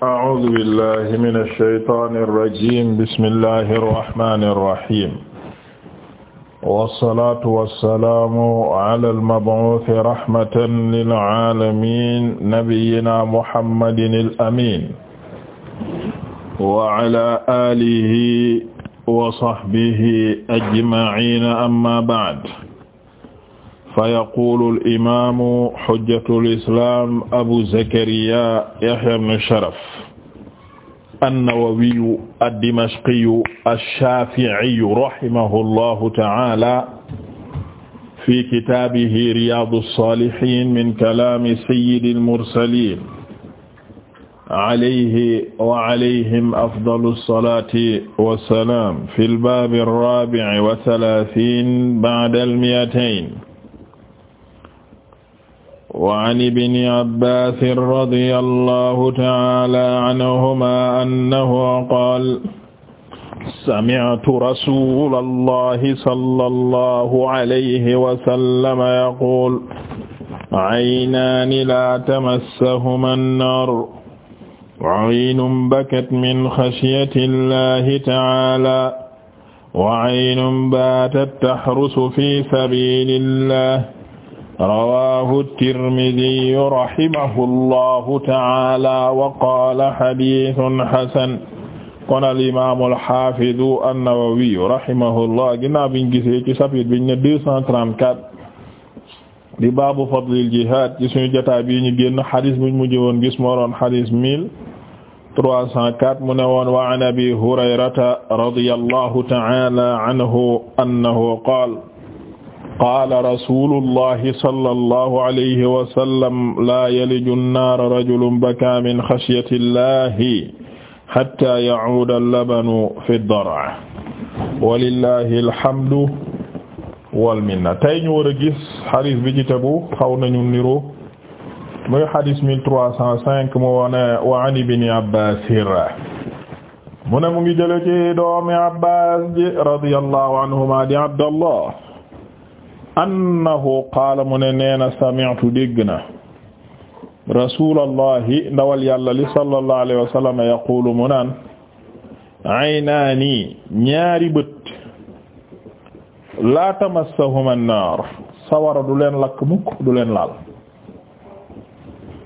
a'uuzu billahi mina shaytaani rajiim bismillahi rahmaani rahiim. wasalaatu wasalaamu alal mab'uusi rahmatan lil caalamiin nabiyyinaa muhammadinil amiin. wa calaa aalihi wa sahbihi ajmaciina amma ba'd. فيقول الإمام حجة الإسلام أبو زكريا يحيى بن شرف النووي الدمشقي الشافعي رحمه الله تعالى في كتابه رياض الصالحين من كلام سيد المرسلين عليه وعليهم أفضل الصلاة والسلام في الباب الرابع والثلاثين بعد المئتين وعن ابن عباس رضي الله تعالى عنهما أنه قال سمعت رسول الله صلى الله عليه وسلم يقول عينان لا تمسهما النار وعين بكت من خشية الله تعالى وعين باتت تحرس في سبيل الله rawaahu tirmidi rahimahu allahu ta'ala wa qaala hadiisun hasan kon al imaamu alxaafidu annawawiyu rahimahu llah ginnaaw biñ gisee ci chapitre biñ ne 234 di baabu fadlil jihaad ci suñu jotaay bii ñu génn xadis buñ mujj woon gis moo doon xadis 1304 mu ne woon wa an abi hurayrata radiyallahu ta'ala anhu annahu qaala qaala rasulullahi sallallahu alayhi wa sallam laa yaliju nnaara rajulun bakaa min xashyati llahi xatta yacuuda allabanu fi ddar' walillahi alhamdu walminna tey ñu war a gis xadis bi ci tegu xaw nañu niroo muy xadis mille trois cent cinq mu wone wa an ibni Abbaas mu ne mu ngi jële ci doomi Abbaas ji radiyallahu anhuma di Abdallah annahu qaala mu ne nee na sami'tu dégg na rasulallahi ndawal yàlla li sallallahu alayhi wa sallam yaqulu mu naan aynaani ñaari bët laa tamassahuma an-naar sawara du leen lakk mukk du leen laal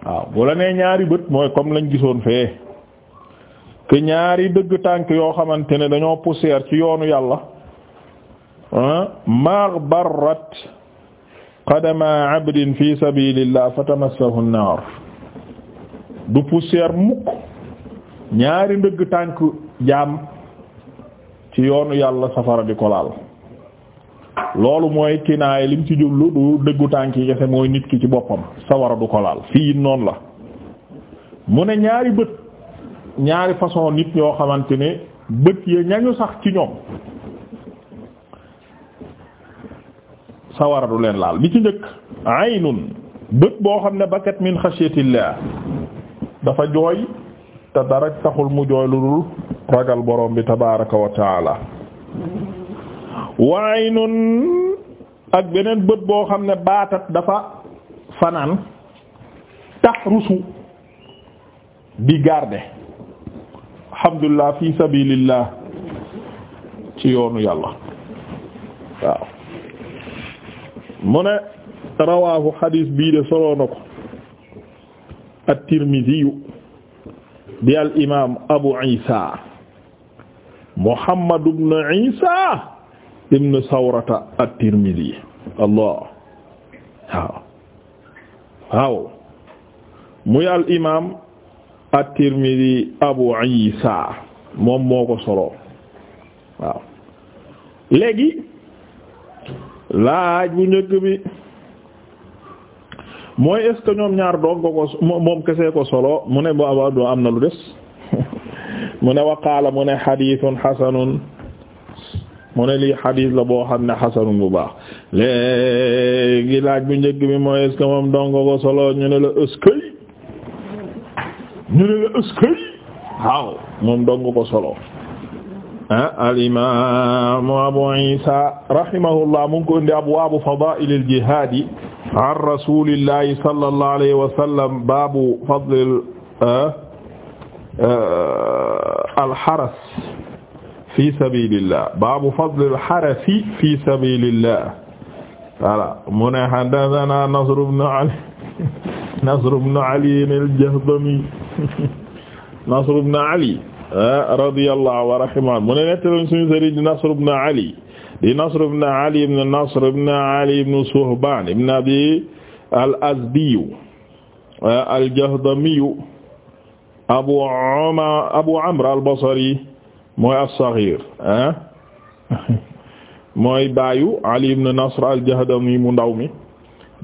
waaw bu la ñaari bët mooy comme lañ gisoon fee que ñaari dëgg tànk yoo xamante ne dañoo poussière ci yoonu yàlla Ah, maghbarat qadama abdin fi sabilillah fatamassahu an-nar du poussière mukk ñaari ndëgg tànk jaam ci yoonu yàlla safara di ko laal loolu mooy kinaay lim ci jublu du dëggu tànk yi mooy nit ki ci boppam sawara du ko laal fii noonu la mu ne ñaari bët ñaari façon nit ñoo xamante ne bët ya ñañu sax ci ñoom sawara du leen laal bi ci njëkk aynun bët boo xam ne bakat min xashiyatillah dafa jooy te dara taxul mu jooy lu dul ragal borom bi tabaaraka wa taala wa aynun ak beneen bët boo xam ne baatat dafa fanaan tahrusu di garder alhamdulillah fi sabilillah ci yoonu yàlla waaw mu ne rawaahu xadiis bii de soloo na ko at-Tirmiziyu di al imaam Abu Isa Muhammad ibn Isa ibn Sawrata at-Tirmizi Allah muy al imaam at-Tirmizi Abu Isa moom moo ko soloo waaw laaj bu njëkk bi mooy est-ce ñoom ñaar doog ko moom kese ko solo mu ne bu abadu am na lu des mu ne waqaala mu ne xadiisun xasanun mu ne lii xadiis la boo xam ne xasanun bu baax léegi laaj bu njëkk bi mooy est-ce moom doog ko solo ñu ne la est-ce ñu ne la est-ce waaw moom doog ko solo. Ah, al imaam Abu Iisa rahimahullah mu ngi ko indi abwaabu fadaa'ilil jihaadi an rasuulillaahi sallallahu alayhi wa sallam baabu fadlil ah, ah, alxaras fi sabiilillaah baabu fadlil xarasi fi sabiilillaah voilà mu ne haddasanaa Nasr ibn Ali Nasr ibn Ali al-Jahdami Nasr ibn Ali Ah radiyallahu wa rahimahu mu ne nettali suñu sëriñ di Nasr ibn Ali di Nasr ibn Ali ibn Nasr ibn Ali ibn Suhban ibn Abi al-Azdi ah al-Jahdami Abu Umar Abu Amr al-Basri mooy as-Saghir ah mooy baayu Ali ibn Nasr al-Jahdami mu ndaw mi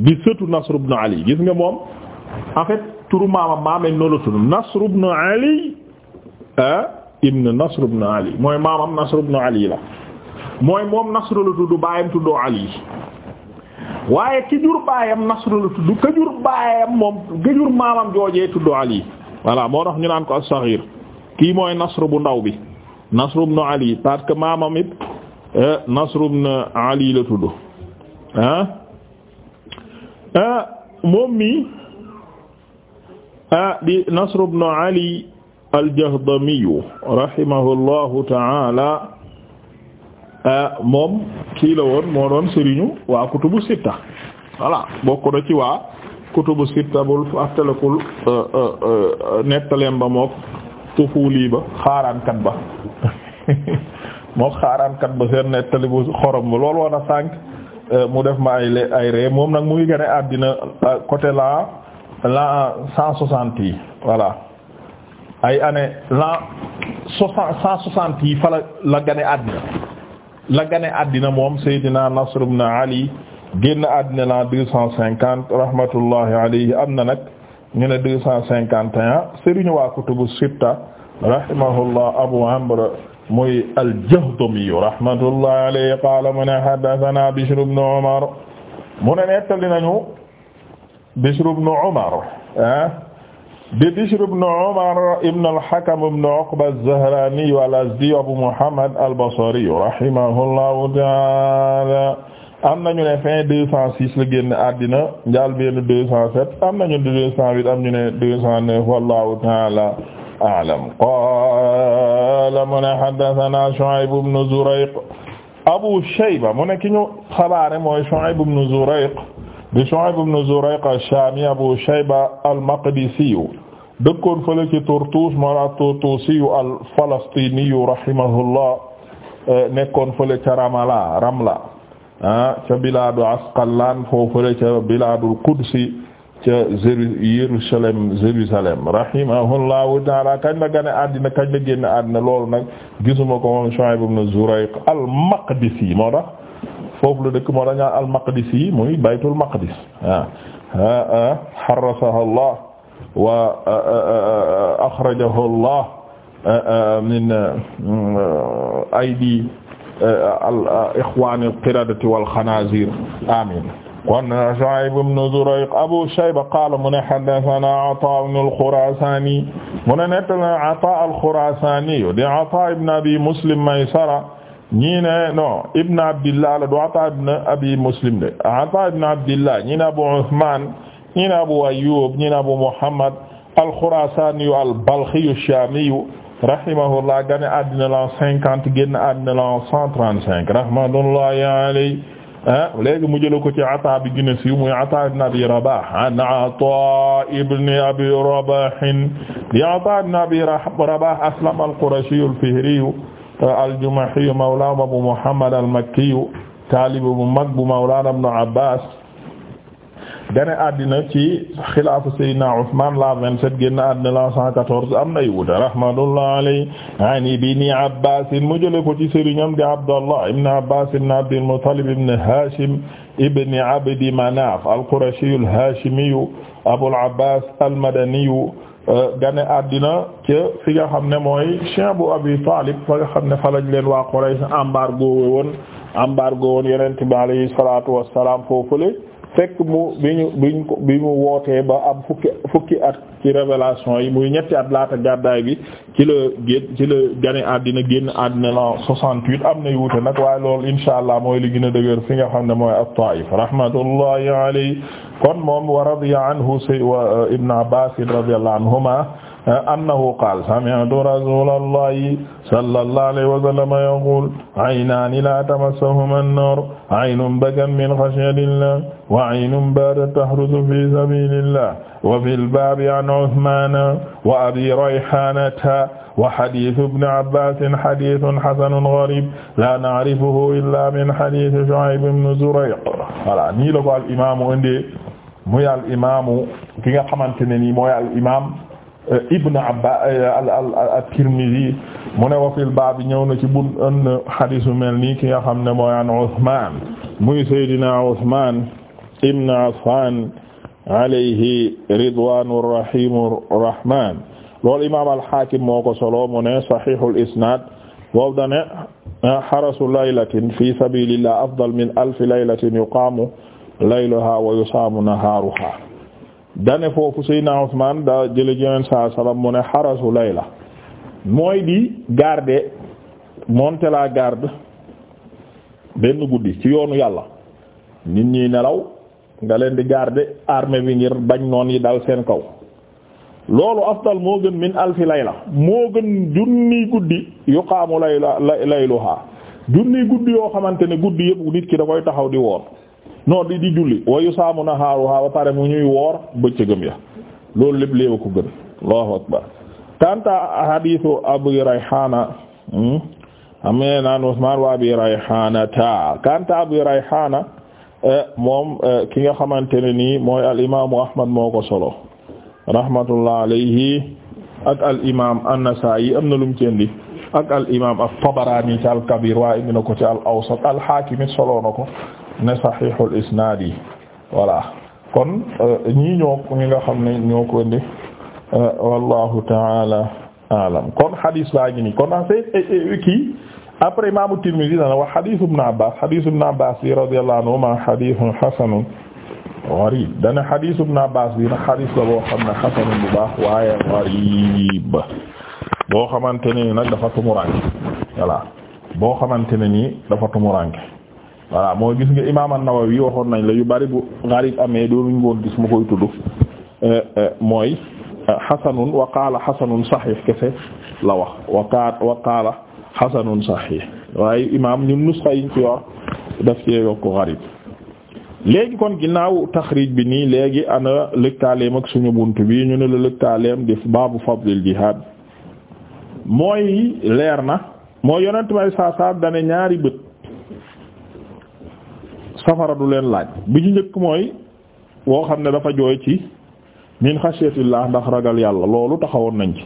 di sëtu Nasr ibn Ali gis nga moom en fait turu maama maameen noonu la tudd Nasr ibn Ali Ah, ibn Nasr ibn Ali mooy maamam Nasr ibn Ali la mooy moom Nasr la tudd baayam tuddoo Ali waaye ki jur baayam Nasr la tudd ka jur baayam moom ka jur maamam joojee tuddoo Ali voilà moo tax ñu naan ko as-Saghir kii mooy Nasr bu ndaw bi Nasr ibn Ali parce que maamam it eh, Nasr ibn Ali la tudd ah? Ah, moom mi ah di Ali aljahdamiyu rahimahullahu taala ah, moom kii la woon moo doon sëriñu waa kutubu sitta voilà bokk na ci waa kutubu sitta bul fàttalikul euh, euh, euh, nettaleem ba mook tufuuli ba xaaraankat ba mook xaaraankat ba seen nettali bu xorom ba loolu woon a sànq mu def ma ay ree moom nag mu ngi gën àddina côté la la cent soixante yi voilà ay année l'an soixante cent soixante yi fa la la gane àddina la gane àddina moom Seydina Nasr ibn Ali génn àddina l'an deux cent cinquante rahmatullahi alayhi am na nag ñu ne deux cent cinquante et un sëriñu waa kutubu sitta rahimahullah Abu Amr muy al-Jahdami rahmatullahi alayhi qaala mu ne haddathana Bishr ibn Umar mu ne nettali nañu Bishr ibn Umar ah di Bishr ibn Umar ibn al-Hakam ibn Uqba az-Zahrani al-Azdi Abu Muhammad al-Basri rahimahullahu ta'ala am nañu ne fin deux cent six la génn àddina njaal benn deux cent sept am nañu ne deux cent huit am ñu ne deux cent neuf wallahu ta'ala a'lam qala mu ne haddathana Shu'ayb ibn Zurayq Abu Shayba mu ne ki ñu xabaare mooy Shu'ayb ibn Zurayq di Shu'ayb ibn Zurayq ash-Shami Abu Shayba al-Maqdisi dëkkoon fële ci Turtus moola Turtusi al-Falastini rahimahullah eh, nekkoon fële ca Ramala Ramla ah ca bilaadu Asqalaan foofu fële ca bilaadul Qudsi ca Jérusalem Jérusalem rahimahullahu ta'ala kañ la gane àddina kañ la génn àddina loolu nag gisuma ko moom Shu'ayb ibn Zurayq al-Maqdisi moo tax foofu la dëkk moo dañu al maqdisi muy baytul maqdis ah harasaha Allah wa akhrajahu Allah min aydi al ikhwan al qiradati wal khanazir amin kon Shu'ayb ibn Zurayq Abu Shayba qaala mu ne haddathana Ataa ibn al-Khurasani mu ne nettali Ataa al-Khurasani di Ataa ibn Abi Muslim Maysara ñii ne non Ibn Abdillah la du Ata ibn Abi Muslim de Ata ibn Abdillah ñii ne Abu Usman ñii ne Abu Ayyub ñii ne Abu Muhammad al-Khurasani al-Balkhi ash-Shami rahimahullah gane àddina la cinquante génn àddina la cent trente cinq rahmatullahi alayhi ah, léegi mu jël ko ci Ata bi gën a siiw muy Ata ibn Abi Rabah an Ata ibn Abi Rabah di Ata ibn Abi Rabah Aslam al-Qurashi al-Fihri al-Jumahi mawlaahum Abu Muhammad al-Makki taalib bu mag bu mawlaana Ibn Abbas gane àddina ci xilaafu Seydina Usmaan la 27 génn àddina la 114 am na ay wuute rahmatullahi alayhi an Ibn Abbas mu jëlee ko ci sëriñam di Abdallah ibn Abbas ibn Abdil Muttalib ibn Haashim ibn Abdi Manaaf al-Qurashi al-Haashimi Abul Abbas al-Madani Euh, gane àddina ca fi nga xam ne mooy Shi'bu Abi Talib fa nga xam ne fa lañ leen waa Quraysh embargo woon embargo woon yonent yi alayhi salaatu wassalaam le fekk mu bi ñu ba am fukki fukki at ci révélation yi muy ñetti at laata gàddaay bi ci la génn ci la gane àddina génn àddina la 68 am na yu wute nag waaye loolu insha allah mooy li gën a dëgër fi nga xam ne mooy at-Taif rahmatullahi alayhi kon moom wa radiya anhu wa uh, ibn Abbas radiyallahu anhuma uh, annahu qaala sami'tu rasuulallahi sallallahu alayhi wa sallam yaqul aynaani laa tamassahuma an-naar aynun bakat min khashyatillah wa aynun baatat tahrusu fi sabilillah wa fil baabi an Usmaan wa abi rayhaanata wa hadiisu ibni abbaasin hadiisun hasanun gariib laa na'rifuhu illaa min hadiisi Shu'ayb ibn Zurayq voilà nii la ko al imaamu indee muy al imaamu ki nga xamante ne nii mooy al imaam eh, Ibn Abba eh, at-Tirmidhi mu ne wa fil baab ñëw na ci bun ënn hadiisu mel nii ki nga xam ne mooy an Usmaan muy Seydina Usmaan ibn Affan alayhi ridwaanu rahiimu rahmaan loolu imaam al-Haakim moo ko solo mu ne saxiixul isnaad boobu da ne harasu laylatin fi sabiilillah afdal min alfi laylatin yuqaamu layluhaa wa yusaamu nahaaruhaa da ne foofu Seydina Usmaan da jële Yonent saa salaam mu ne harasu layla mooy di garder monter la garde benn guddi ci yoonu yàlla nit ñi nelaw. nga leen di garder armée bi ngir bañ noon yi dal seen kaw loolu afdal moo gën min alfi layla moo gën junni guddi yuqaamu yoo xamante ne guddi yëpp nit ki da koy taxaw di woor non di di julli wayu saamu nahaaruha ba pare mu ñuy woor bëccëgëm ya loolu lépp léewa ko gën allahu akbar kanta abu rayhana hmm? amee naan usman wa abi rayhana ta kanta abu rayhana Eh, moom eh, ki nga xamante ne nii mooy al imaamu Ahmad moo ko solo rahmatullah alayhi ak al imaam an-Nasaa'i am na lu mu ci indi ak al imaam at-Tabarani ci al-Kabir waaye indi na ko ci al-Awsat al-Hakim solo na ko ne sahihul isnaad yi voilà kon eh, ñii ñoo ñi nga xam ne ñoo ko indi wallahu ta'ala a'lam kon hadis baa ngi kon naa ah, see kii. après imaamu Tirmidhi dana wax hadith ibn Abbas hadith ibn Abbas bi radiyallahu anhuma hadithun hasanun gharib dana hadith ibn Abbas bi nag hadith la boo xam ne hasanun bu baax waaye gharib boo xamante ne ni nag dafa tumuranke voilà boo xamante ne nii dafa tumuranke voilà moo gis nga imaam an-Nawawi waxoon nañ la yu bari bu gharib amee doonuñ woon gis mu koy tudd eh, eh, mooy hasanun eh, wa qaala hasanun sahih kese la wax wa qaala xasanun saxiix waaye imaam ñu nusxa yiñ ci wax daf cee yokk garib léegi kon ginnaaw taxriij bi nii léegi ana lëkkaaleem ak suñu bunt bi ñu ne la lëkkaaleem di baabu fadlil jihaad mooy leer na mooy yonent may saa saab ñaari bët safara du leen laaj bi ñu njëkk mooy woo xam ne dafa jooy ci min xashiyatillah ndax ragal yàlla loolu taxawoon nañ ci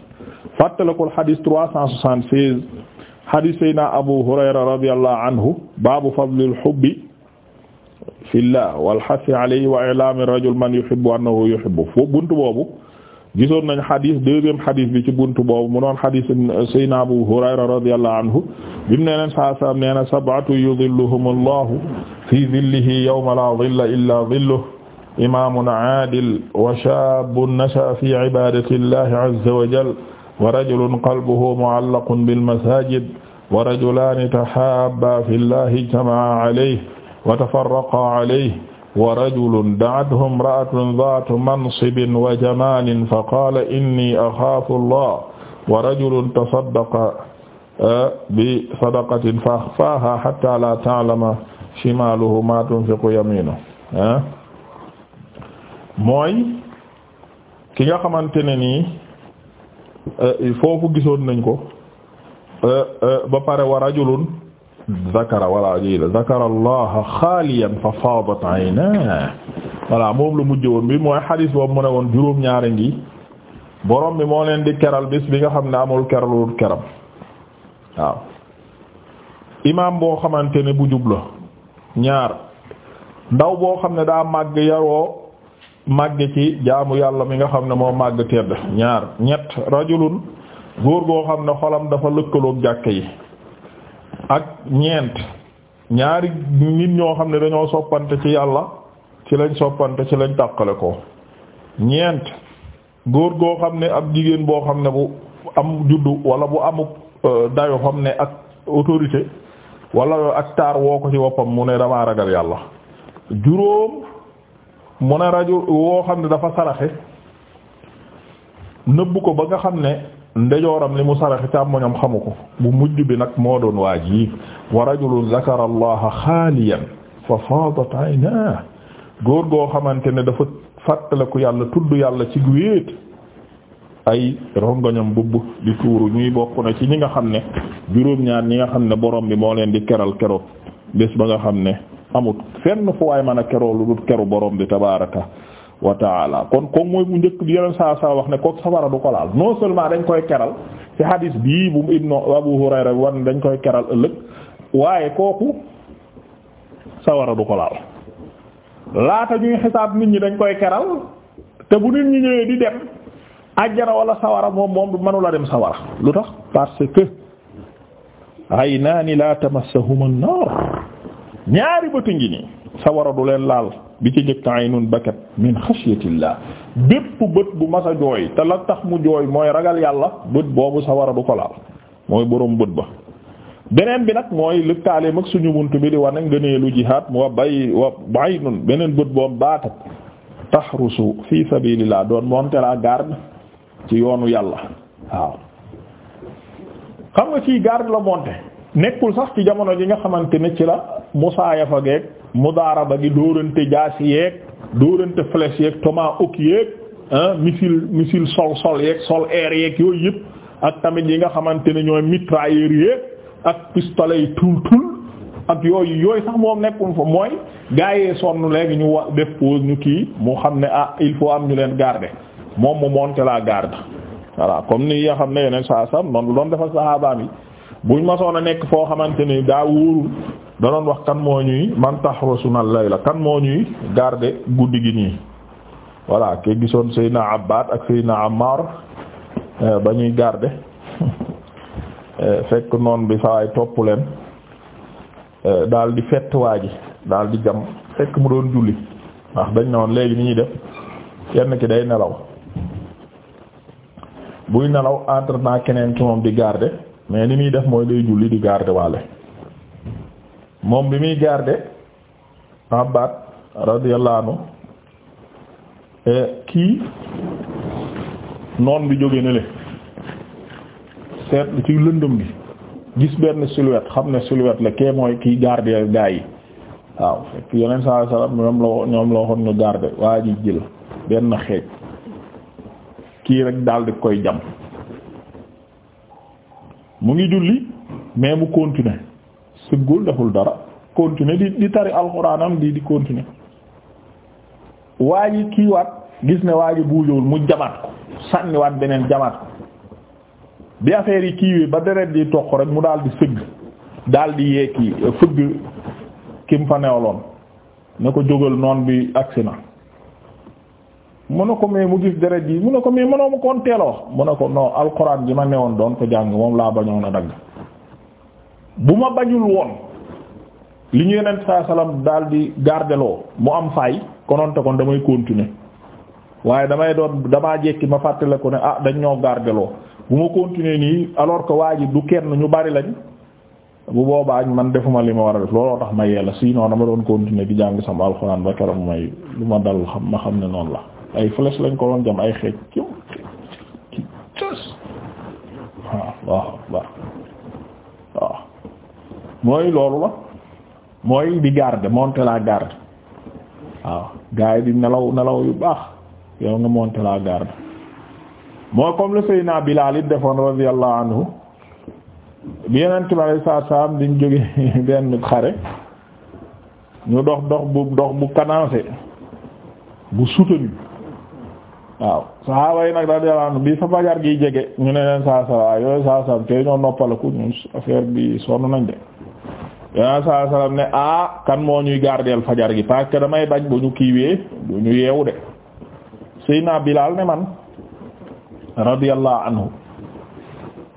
fàttalikul xadiis trois cent soixante-seize hadis sayna abu hurayra radiyallahu anhu baabu fadlil hubbi fillah wal hasi alayhi wa i'lami rajul man yuhibbu annahu yuhibbu foofu buntu boobu gisoon nañ hadis deuxième hadis bi ci buntu boobu mu doon hadis sayna abu hurayra radiyallahu anhu bi mu ne leen saa saa nee na sab'atu yudhilluhum allahu fi dhillihi yawma la dhilla illa dhilluhu imamun aadil wa shaabun nasha'a fi ibadati llahi azza wa jalla wa rajulun qalbuhu mu'allaqun bil masajid wa rajulaani tahaabaa fillahi ijtamaa alayhi wa tafarraqaa alayhi wa rajulun da'athu imra'atun dhaatu mansibin wa jamaalin faqaala inni axaafu llaah wa rajulun tasaddaqa eh, bi sadaqatin fa axfaahaa hattaa laa ta'lama shimaaluhu maa tunfiqu yamiinuhu eh. mooy ki nga xamante ne nii Euh, foofu gisoon nañ ko euh, euh, ba pare wa rajulun zakara wala ji la zakara allaha xaaliyan fa faadat ayna voilà moom la mujj woon bi mooy xadis boobu mu ne woon juróom-ñaari ngi borom bi moo leen di keral bis bi nga xam ne amul keralul keram waaw imaam boo xamante ne bu jub la ñaar ndaw boo xam ne daa màgg yaroo màgg ci jaamu yàlla mi nga xam ne moo màgg tedd ñaar ñett rajulun góor goo xam ne xolam dafa lëkkalook jàkke yi ak ñeent ñaari nit ñoo xam ne dañoo soppante ci yàlla ci lañ soppante ci lañ tàqale ko ñeent góor goo xam ne ab jigéen boo xam ne bu am juddu wala bu amub euh, dayo xam ne ak autorité wala ak taar woo ko ci woppam mu ne damaa ragal yàlla juróom mu ne rajul woo xam ne dafa saraxe nëbb ko ba nga xam ne ndejooram li mu saraxe càmmoñam xamu ko bu mujj bi nag moo doon waaj yi wa rajulun zakara allaha xaaliyan fa faadat aynaa góor goo xamante ne dafa fàttaliku yàlla tudd yàlla ci wéet ay rongoñam bubb di tuuru ñuy bokk na ci ñi nga xam ne juróom-ñaar ñi nga xam ne borom bi moo leen di keral keroog bés ba nga xam ne amut fenn fu waay mën a keroo lu dul keru borom bi tabaraka wa kon kon mooy bu njëkk bi yeneen saa saa wax ne kook safara du ko laal non seulement dañ koy keral bi dañ koy keral waaye kooku safara ko laal ñi dañ koy keral te bu nit ñi ñëwee di dem ajjana wala sawara moom moom manula dem sawara lu tax parce que aynaani la tamassahuma an-nar ñaari bët ngi nii sawara du leen laal bi ci yi aynun bakat min xashyatillah bépp bët bu mas a jooy te la tax mu jooy mooy ragal yàlla bët boobu sawara du ko laal mooy boroom bët ba beneen bi nag mooy lëkkaaleem ak suñu bunt bi di wane lu jihaad moo bay wa aynun beneen bët boobu baatat tahrusu fi sabilillah doon monter la garde ci yoonu yàlla waaw xam nga ci garde la monter nekkul sax ci jamono ji nga xamante ne ci la musaayafa mu mudaaraba gi dóorante jaasi yeeg dóorante flèche yeeg tomahawk yeeg missile missile sol sol yeeg sol air yeeg yooyu yëpp ak tamit yi nga xamante ne mitra mitrailleur yeeg ak pistolet yi tul tul ak yooyu yooyu sax moom nekkul fa mooy gaa yee sonn léegi ñu wa def pause ñu kii mu xam ne ah il faut am ñu leen garde moom mu monter laa garde voilà comme ni nga xam ne yeneen saa sam noonu lu doon defal saxaabaam yi buñ masoon a nekk foo xamante ni daa wóorul da doon wax kan moo ñuy man tahrasuna la kan moo ñuy garde guddi gi nii voilà ke gisoon Seydina Abbad ak Seydina Ammar euh, ba ñuy garder euh, fekk noon bi sawaay topp leen euh, daal di fett waa daal di jam fekk mu doon julli ndax dañ ne woon léegi ni ñuy def kenn ki day nelaw buy nelaw entre naa keneen ki moom di garde mais li muy def mooy day julli di garder waale moom bi muy garder Abbad radiyallahu eh, kii noon bi jóge na le seet ci lëndëm bi gis benn silhouette xam ne silhouette la kee mooy kiy garder gaa yi waaw fekk yeneen saa salaam ñoom la ñoom la waxoon ñu garder waa ji jël benn xeej kii rek daal di koy jam mu ngi julli mais mu continuer sëggul deful dara continuer di di tari alxuraanam di di continuer waa ji kiiwaat gis ne waa ji buujowul mu jamaat ko sànniwaat beneen jamaat ko bi affaire yi kiiwee ba deret di toq rek mu daal di sëgg daal di yeeki fëgg kim fa newaloon ne ko jógal noon bi agsi na mu ne ko mais mu gis deret ji mu ne ko mais mënoo ma koon teel a wax mu ne ko non alxuraan ji ma newoon doon ko jàng moom laa bañoon a dagg bu ma bañul woon li ñu yeneen saa salaam daal di gardeloo mu am faay fay te kon damay continuer waaye damay doon damaa jekki ma fàttale ko ne ah dañ ñoo gardeloo bu ma continuer nii alors que waa ji du kenn ñu bari lañ bu boobaa man defuma li ma war a def looloo tax ma yella sinon dama doon continuer di jàng sama alxuraan lu ma dal xam ma xam ne noonu la ay flèche lañ ko doon jam ay xeej ah, waaw waaw waaw mooy loolu la mooy di garde monter la garde waaw gars yi di nelaw nelaw yu baax yow nga monter la garde moo comme le Seydina Bilaal it defoon radiyallahu anhu bi yeneen ci saa saa am jóge benn xare ñu dox dox bu dox bu kanaase bu soutenu waaw saxaaba yi nag daal di laan bi sa fajar gi jege ñu ne leen saa salaam yooyu saa salaam tey ñoo noppaliku ñun affaire bi sonn nañ de saa ne ah kan moo ñuy gardeel fajar gi parce que damay bañ bu ñu kiiwee bu ñu yeewu de Seydina Bilal ne man radiyallahu anhu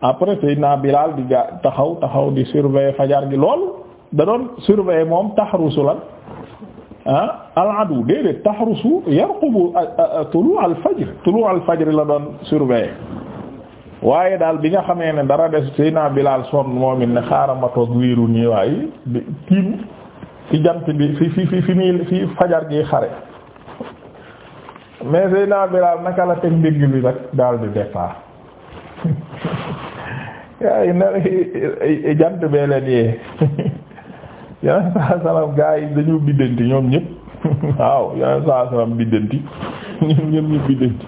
après Seydina Bilal di ga taxaw taxaw di surveiller fajar gi lool da doon surveiller moom taxarusu la Ah, aladu déedéet tahrusu yarqubu tulu al fajr tulu al fajr la doon surveiller waaye daal bi nga xamee ne dara des sëy naa Bilaal son moom it ne xaaral ma toog wéeru nii waaye tiim ci jant bi fi fi fi fi muy fajar gi xare mais sëy naa Bilaal naka la teg ndégg bi nag daal di départ yaay na jant bee leen yee yeneen saa salaam gaa yi dañu biddanti ñoom ñëpp waaw yeneen saa salaam biddanti ñoom ñëpp ñu biddanti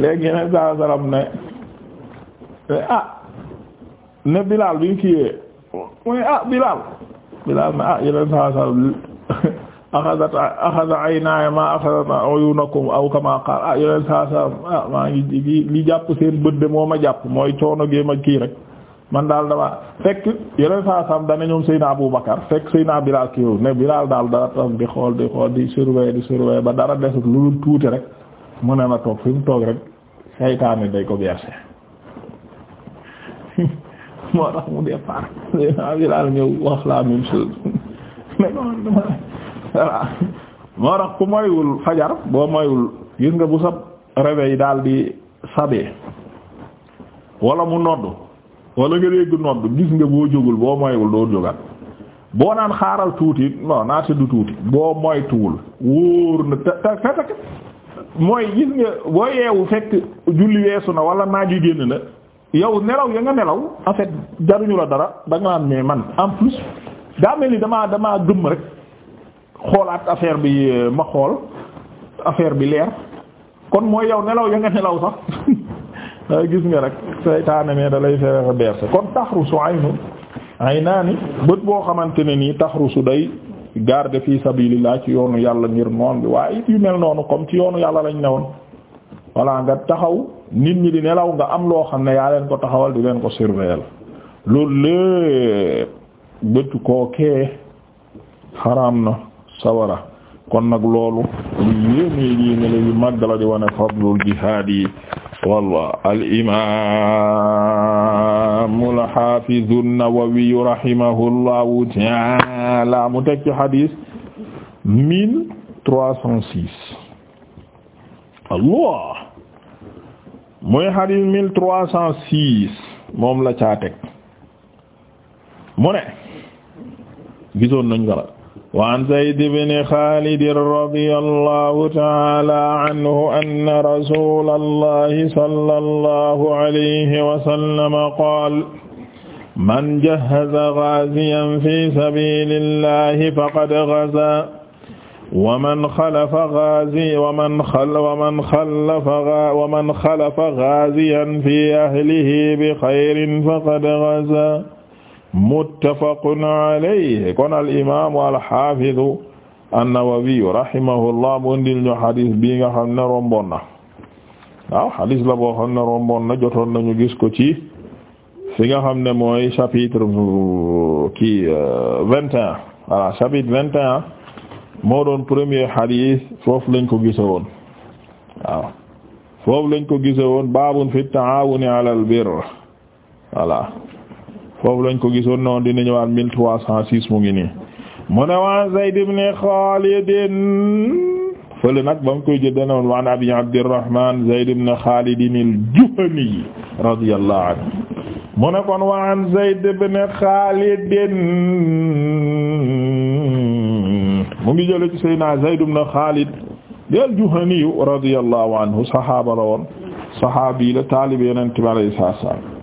léegi yeneen saa salaam ne ah ne Bilal bi ñu kiiwee mu ne ah Bilal Bilal ne ah yeneen saa salaam ah maa ngi li jàpp seen bët de moo ma jàpp mooy coono gee kii rek. man daal dama fekk yeneen saa sam dana ñoom Seydina Abu Bakar fekk Seydina Bilal ki ne Bilal daal dara toog di xool di xool di surveiller di surveiller ba dara desut lu dul tuuti rek mu ne na toog fi mu toog rek saytaane day ko berse moo tax mu départ Seydina moo tax ku moywul fajar boo moywul gis nga bu sa réveil daal di sabee wala mu nodd wala nga dégg nodd gis nga boo jógul boo moywul doo jógaat boo naan xaaral tuuti non naa tëdd tuuti boo moytuwul wóor na te te te mooy gis nga boo yeewu fekk julli weesu na wala naaj yu génn na yow nelaw ya nga nelaw en fait jaruñu la dara da naan mais man en plus daa mel ni damaa damaa gëm rek xoolaat affaire bi euh, ma xool affaire bi leer kon mooy yow nelaw ya nga nelaw sax. gis nga rek saytaane mais da lay fexe berse kon taxrusu aynu aynaani bët boo xamante ne nii su day garde fii sabilillah ci yoonu yàlla ngir noon bi waaye it yu mel noonu comme ci yoonu yàlla lañ newoon voilà nga taxaw nit ñi di nelaw nga am loo xam ne yaa leen ko taxawal di leen ko surveiller loolu lépp bëtu koo kee na sawara kon nag loolu lu yéeme yéeme la yu màgg la di wane fadlul jihaad yi wallah alimamu alhafidu nawawiyu mu teg ci hadis trois cent six allah muy hadis mille trois cent six moom la caa teg mu ne gisoon nañ gala waan Zayd ibn Xaalid radiyallahu ta'ala anhu anna rasuulallahi sallallahu alayhi wa sallam qaala man jahhaza gaaziyan fi sabiilillahi faqad gazaa wa man xalafa gaaziyan wa man xalafa gaaziyan fi ahlihi bi xayrin faqad gazaa muttafaqun alayhi kon al imaamu al xaafidu an-Nawawi bii nga xam ne romboon na waaw xadis la boo ne romboon na jotoon nañu gis ko ci fi nga xam ne mooy chapitre kii euh, vingt et un chapitre vingt et un moo doon premier xadis foofu lañ ko gise woon lañ ko gise woon baabun fi taawuni ala al foofu lañ ko gisoon noonu dina ñëwaat mille trois cent six mu ngi nii mu ne waan Zayd ibn Khalid fële nag ba mu koy jël dana woon waan Abi Abdurrahman Zayd ibn Khalid al-Juhani radiyallahu anhu mu ne kon waan Zayd ibn Khalid mu ngi jële ci Seydina Zayd ibn Khalid al-Juhani radiyallahu anhu saxaaba la woon saxaabi la taalibe Yonent bi alayhi salaam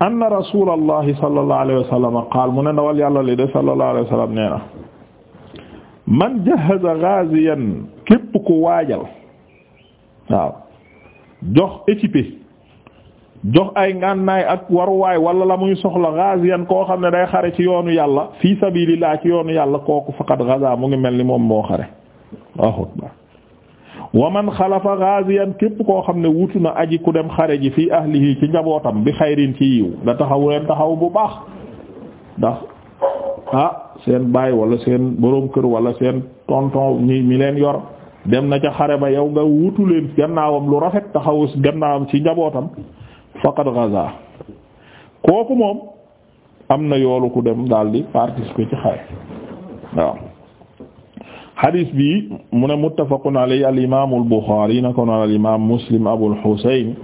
anna rasulallahi sallallahu alayhi wa sallam qaal mu ne ndawal yàlla li de sallallahu alayhi nee na man jahaza ghaziyan képp ku waajal waaw jox équipé jox ay ngànnaay ak waruwaay wala la muy soxla yen koo xam ne day xare ci yoonu yàlla fi sabilillah ci yoonu yàlla kooku faqad ghaza mu ngi mel ni moom moo xare wa man xalafa ghaziyan képp koo xam ne wutu na aji ku dem xare ji fii ahlihi ci njabootam bi xayrin ci yiw da taxawu leen taxaw bu baax ndax ah seen baay wala seen boroom kër wala seen tonton ñi mi leen yor dem na ca xare ba yow nga wutu leen gannaawam lu rafet taxawu gannaawam ci njabootam faqad ghaza kooku moom am na yoolu ku dem daldi participer ci xare waaw hadis bi mu ne muttafaqun alayhi al imam al Bukhari na ko noon al imam Muslim Abul Husayn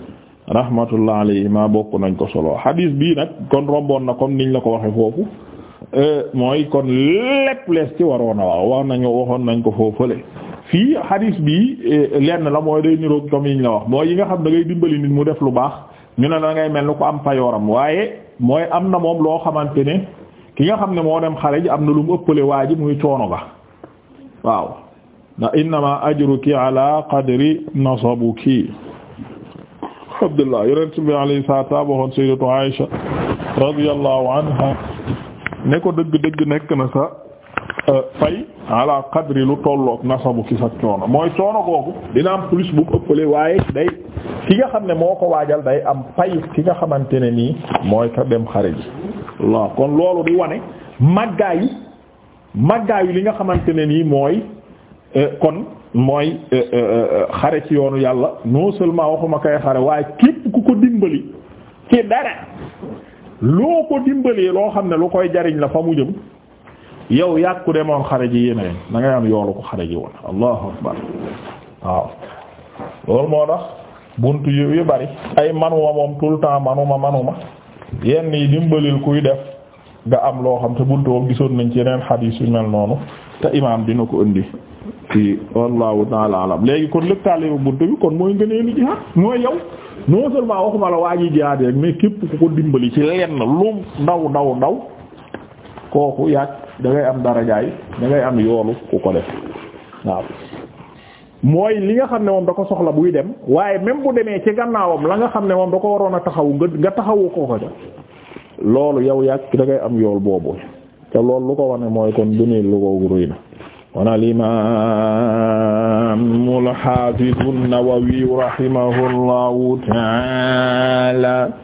rahmatullah alayhi ma bokk nañ ko solo hadis bi nag kon romboon na comme niñ la ko waxe foofu e, mooy kon lépp lees ci waroon a wax wax nañu waxoon nañ ko foofale fii hadis bi e, lenn la mooy day niroog comme la wax mooy yi nga xam da ngay dimbali nit mu def lu baax ñu ne da ngay mel ni ko am payooram waaye mooy am na moom loo xamante ne ki nga xam ne moo dem xale ji am na lu mu ëppale waa ji muy coono ga waaw na innama ajruki ala qadri nasabuki Abdullah yonent bi alayhi salaatu wa salaam waxoon sayyidatu Aisha anha ne ko dëgg dëgg nekk na sa euh, fay ala qadri lu tollook nasabuki sa coono mooy coono googu dina am plus bu ëppale waaye day ki nga xam ne moo ko waajal day am fay ki nga xamante ne nii mooy ka dem xare ji kon loolu di wane màggaayu màggaayu li nga xamante ne nii mooy euh, kon mooy euh, euh, xare ci yoonu yàlla non seulement waxuma kay xare waaye képp ku ko dimbali ci dara loo ko dimbalee loo xam ne lu koy jariñ la fa mu jëm yow yàkku demoon xare ji yéen da ngay am yoolu ko xare ji woon allahu akbar waaw loolu moo tax buntu yu yu bari ay manuma moom tout le temps manuma manuma yenn yi dimbalil kuy def nga am loo xam te buntu boobu gisoon nañ ci yeneen xadiis yu mel noonu te imaam dina ko indi ci wallahu taala léegi kon lëkkaale bu buntu bi kon mooy ngëneelu jihaad mooy yow non seulement waa ji jihaad rek mais képp ku ko dimbali ci lenn lu ndaw ndaw ndaw kooku yàgg da ngay am darajaay da ngay am yoolu ku ko def waaw mooy li nga xam ne moom da ko soxla buy dem waaye même bu demee ci gannaawam la nga xam ne moom da ko waroon a taxawu nga taxawu ko ko loolu yow yàgg da ngay am yow boobu te loolu lu ko wane mooy kon gënee lu ko ruy na wan al imam al hafiz an